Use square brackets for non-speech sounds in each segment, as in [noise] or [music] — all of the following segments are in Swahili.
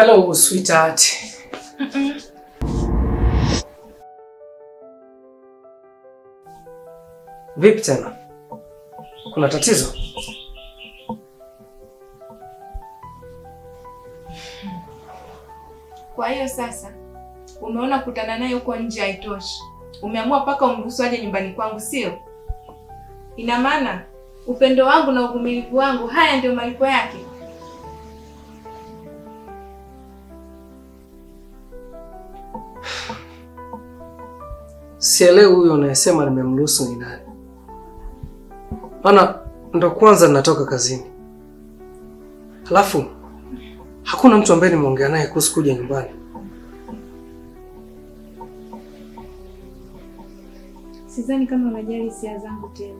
Hello, sweetheart. [laughs] Vipi tena? Kuna tatizo? Kwa hiyo sasa umeona kutana naye huko nje haitoshi, umeamua mpaka umruhusu aje nyumbani kwangu, sio? Ina maana upendo wangu na uvumilivu wangu haya ndio malipo yake? sielewi huyo anayesema nimemruhusu ni nani, maana ndo kwanza natoka kazini, alafu hakuna mtu ambaye nimeongea naye kuhusu kuja nyumbani. Sidhani kama unajali hisia zangu tena.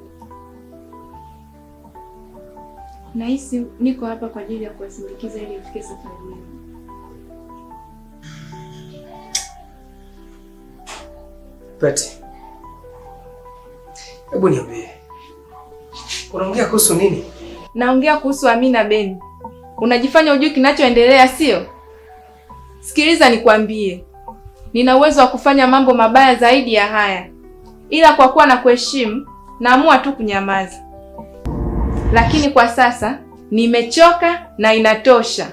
Nahisi niko hapa kwa ajili ya kuwasindikiza ili ufike safari yenu. Betty, hebu niambie, unaongea kuhusu nini? Naongea kuhusu Amina Beni. Unajifanya ujui kinachoendelea sio? Sikiliza nikwambie, nina uwezo wa kufanya mambo mabaya zaidi ya haya, ila kwa kuwa na kuheshimu naamua tu kunyamaza, lakini kwa sasa nimechoka na inatosha.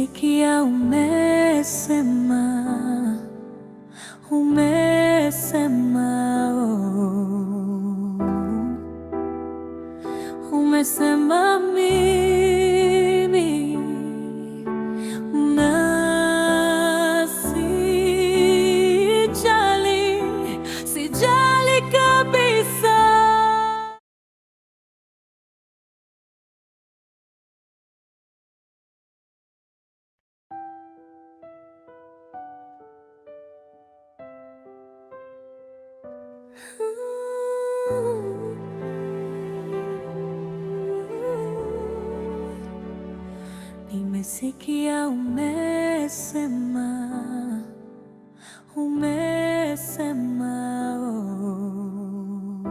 Sei que há um mês Sikia umesema, umesema, oh,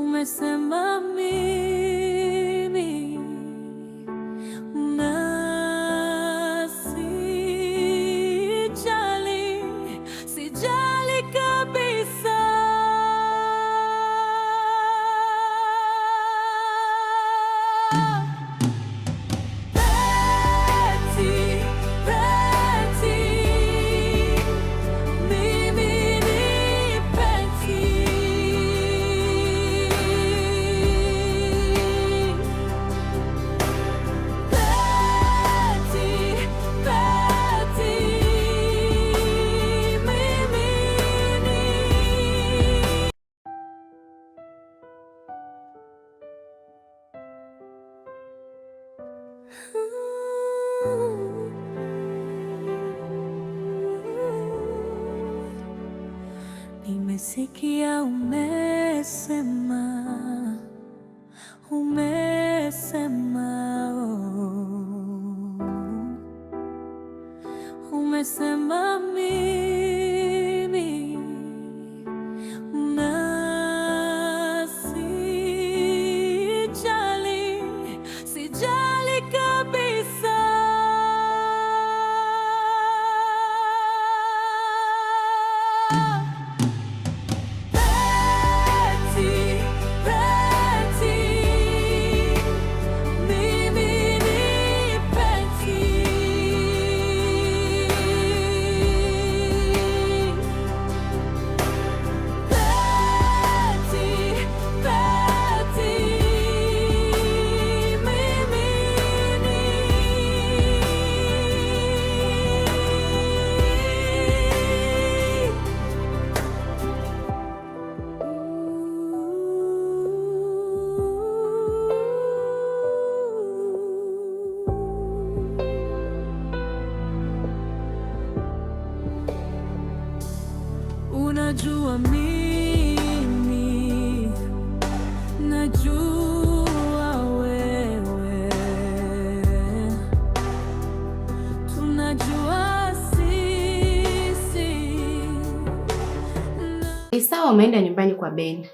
umesema mi Pensei que há um mês, Isawa umeenda nyumbani kwa Ben,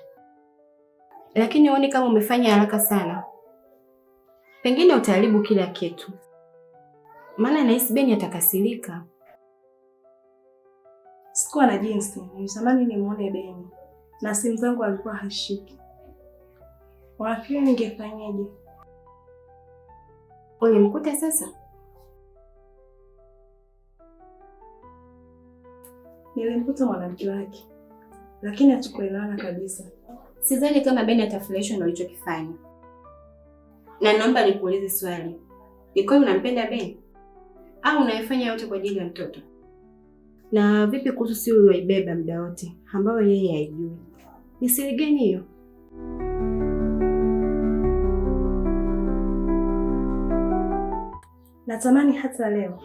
lakini uone kama umefanya haraka sana, pengine utaharibu kila kitu, maana nahisi Ben atakasirika. Sikuwa na jinsi, nilitamani nimuone Ben na simu zangu alikuwa hashiki. Wafikiri ningefanyaje? Ulimkuta sasa? Nilimkuta mwanamke wake lakini hatukuelewana kabisa. Sidhani kama Beni atafurahishwa na ulichokifanya, na naomba nikuulize swali, ni kweli unampenda Beni au unaifanya yote kwa ajili ya mtoto? Na vipi kuhusu siri uliyoibeba muda wote ambayo yeye haijui, ni siri gani hiyo? Natamani hata leo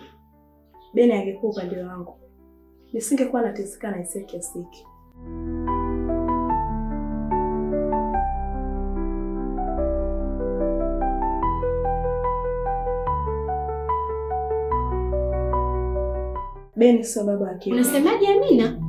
Beni angekuwa upande wangu, nisingekuwa nateseka na hisia kiasi hiki. Beni sababu akiwa. Unasemaje Amina?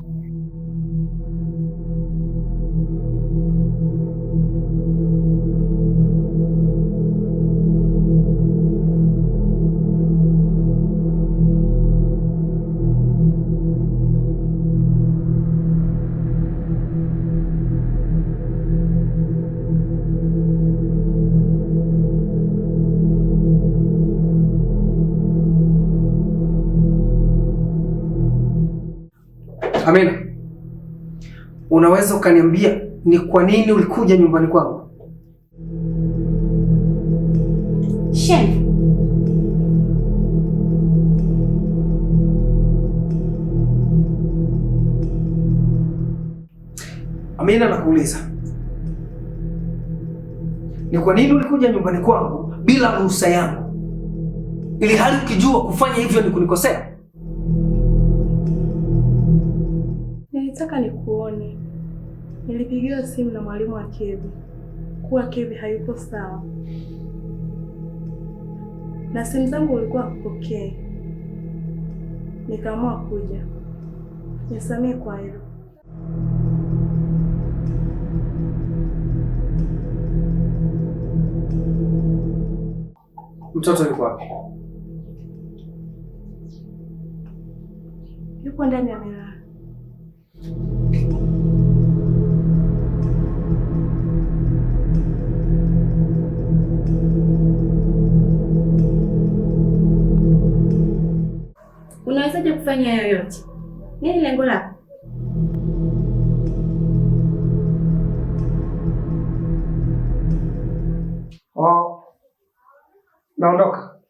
Amina, unaweza ukaniambia ni kwa nini ulikuja nyumbani kwangu? Sheikh, Amina, nakuuliza ni kwa nini ulikuja nyumbani kwangu bila ruhusa yangu, ili hali ukijua kufanya hivyo ni kunikosea? Nataka nikuone. Nilipigiwa simu na mwalimu wa Kevi kuwa Kevi hayupo sawa, na simu zangu ulikuwa hakupokee. Nikaamua kuja. Nisamehe kwa hilo. Mtoto yuko wapi? Yuko ndani ya kufanya yoyote. Nini lengo lako? Oh, naondoka.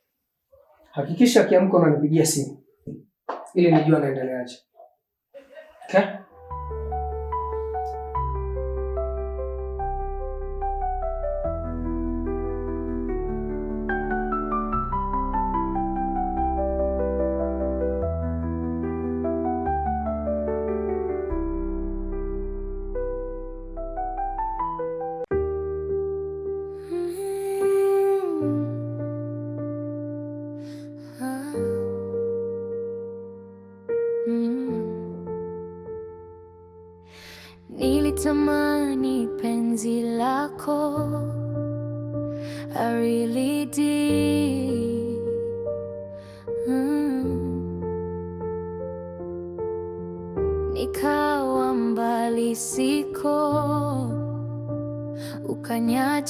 Hakikisha akiamka unanipigia simu ili nijue anaendeleaje. Okay?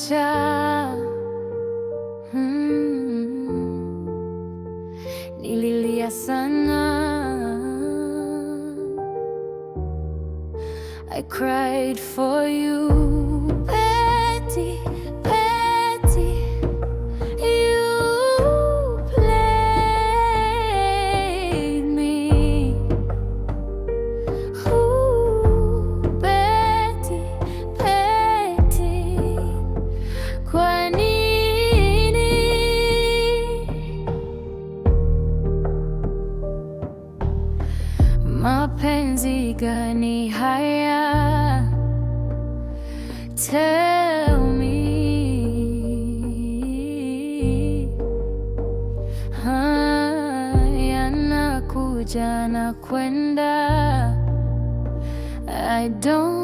I cried for you Betty gani haya tell me yanakuja na kwenda I don't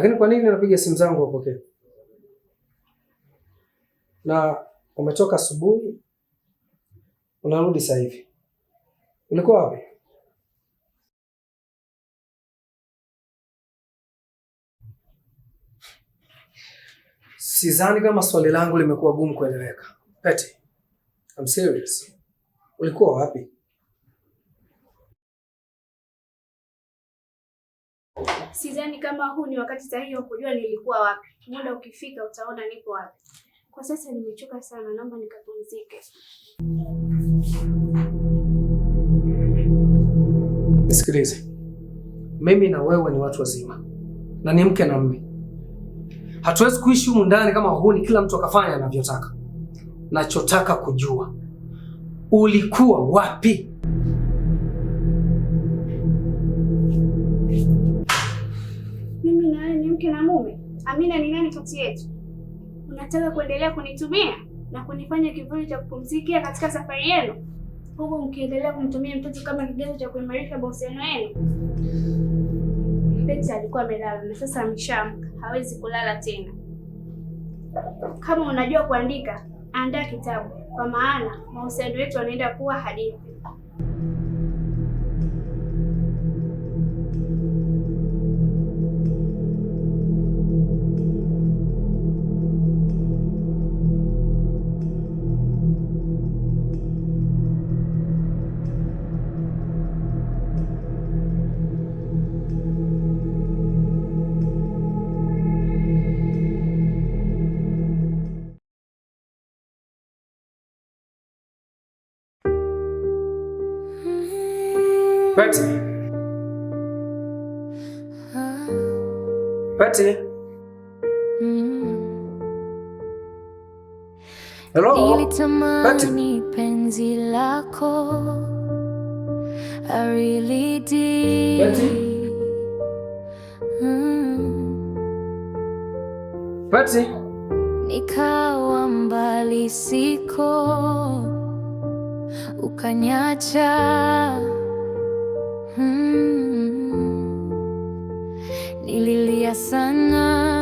Lakini kwa nini unapiga simu zangu wapokee? Na umetoka asubuhi unarudi sasa hivi, ulikuwa wapi? Sidhani kama swali langu limekuwa gumu kueleweka. Pete, I'm serious. Ulikuwa wapi? Sidhani kama huu ni wakati sahihi wa kujua nilikuwa wapi. Muda ukifika utaona nipo wapi. Kwa sasa nimechoka sana, naomba nikapumzike. Nisikilize, mimi na wewe ni watu wazima na ni mke na mme. Hatuwezi kuishi humu ndani kama huni, kila mtu akafanya anavyotaka. Nachotaka kujua ulikuwa wapi? mke na mume? Amina ni nani kati yetu? Unataka kuendelea kunitumia na kunifanya kivuli cha kupumzikia katika safari yenu, huku mkiendelea kumtumia mtoto kama kigezo cha kuimarisha mahusiano yenu? Pete alikuwa amelala na sasa ameshaamka, hawezi kulala tena. Kama unajua kuandika, andaa kitabu, kwa maana mahusiano yetu yanaenda kuwa hadithi. Pati. Pati. Hello. Nilitamani penzi lako. I really did. Pati. Nikawa mbali siko, ukanyacha Mm-hmm. nililia sana.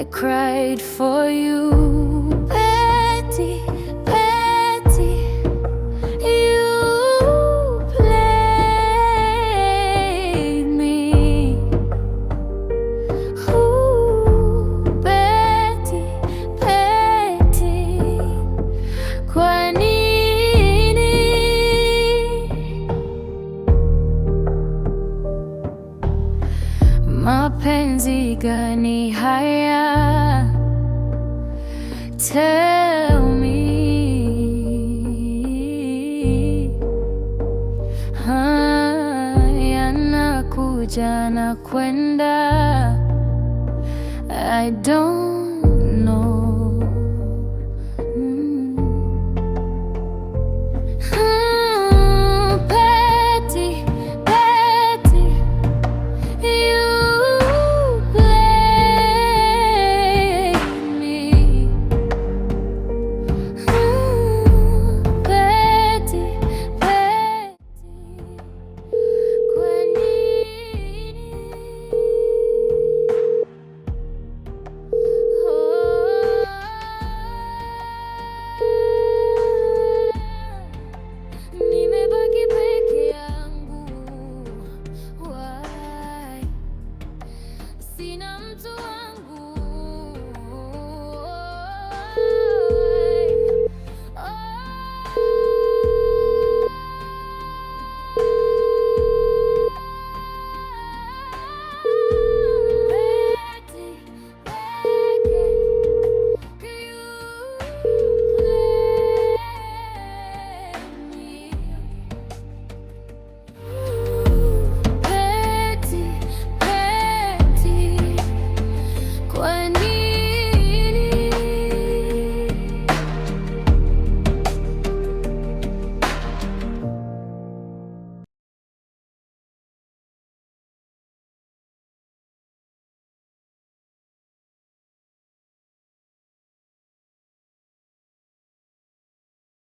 I cried for you.